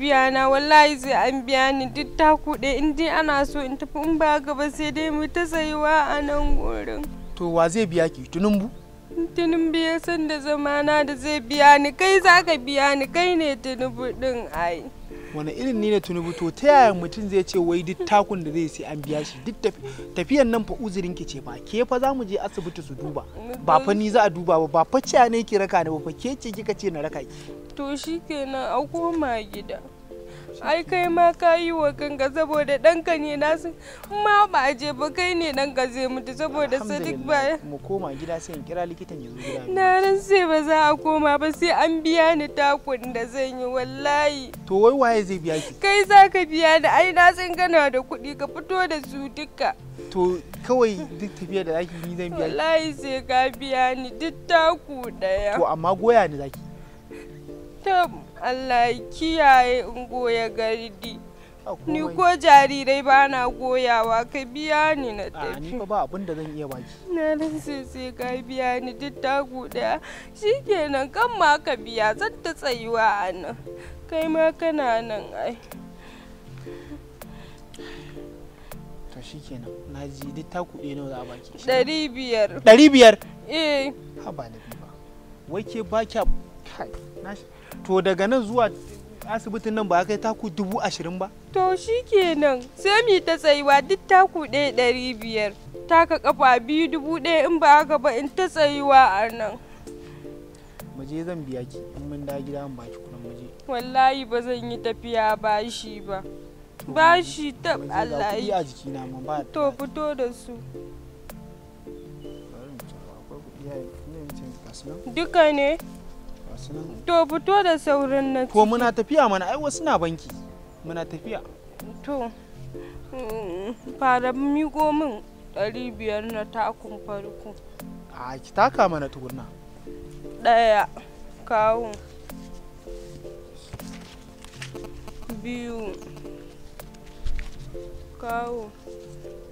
biya na wallahi sai an biya ni duk ta kuɗe in dai ana so in tafi in ba gaba sai dai mu ta sayuwa a nan gurin to wa zai biya ki tunumbu tunin biya san da zamana da zai biya ni kai za ka biya ni kai ne tunubu din ai wani irin ni ne tunubu to ta yaya mutum zai ce wai duk takun da zai sai an biya shi duk tafiyan nan fa uzurin ki ce ba ke fa za mu je asibiti su duba ba fa ni za a duba ba fa ciya ne ki raka ne ba fa ke ce kika ce na raka ki to shi kenan a koma gida ai kai ma ka yi wa kanka saboda ɗanka ne na su ma ba a je ba kai ne ka zai mutu saboda sadiq baya mu koma gida sai in kira likitan ya zo gida na ran sai ba za a koma ba sai an biya ni takun da zan yi wallahi to wai waye zai biya ki kai za ka biya da ai na san kana da kuɗi ka fito da su duka to kawai duk tafiya da zaki ni zan biya wallahi sai ka biya ni duk taku daya to amma goya ni zaki ta Allah kiyaye in goya gardi ni ko jarirai ba na goyawa ka biya ni na tafi ni ba abin da zan iya baki na rasa sai ka biya ni duk tagu daya shikenan kan ma ka biya zan ta tsayuwa a nan kai ma kana nan ai to shikenan na ji duk taku ɗaya nawa za a baki ɗari biyar ɗari biyar eh ha ba da ba wai ke ba kya to daga nan zuwa asibitin nan ba kai taku dubu ashirin ba to shi kenan sai mu ta tsayuwa duk taku ɗaya ɗari biyar taka kafa biyu dubu ɗaya in ba haka ba in ta tsayuwa a nan maje zan biya ki in mun da gida mun baki kuɗin maje. wallahi ba zan yi tafiya bashi ba bashi ta Allah yi a na ma ba to fito da su duka ne To fito da saurin nan. To muna tafiya mana ai wasu na banki. Muna tafiya. To mm, fara miƙo min ɗari biyar na takun farko. A ki taka mana tukunna. Ɗaya kawo. Biyu kawo.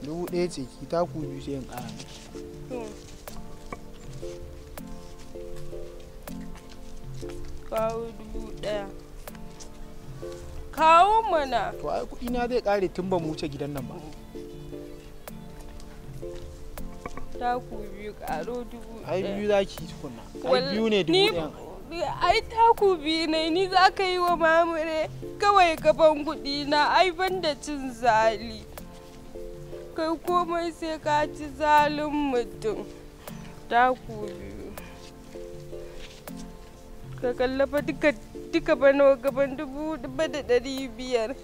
Dubu ɗaya ce ki taku biyu sai in ƙara. kawo dubu ɗaya kawo mana to ai kuɗi na zai ƙare tun ba mu wuce gidan nan ba ta ku biyu ƙaro dubu ɗaya ai biyu zaki tukunna ai biyu ne dubu ɗaya ai ta ku biyu ne ni za ka yi wa mamure kawai gaban kuɗi na ai ban da cin zali kai komai sai ka ci zalin mutum ta ku biyu ka kallafa duka duka bano gaban dubu da ɗari biyar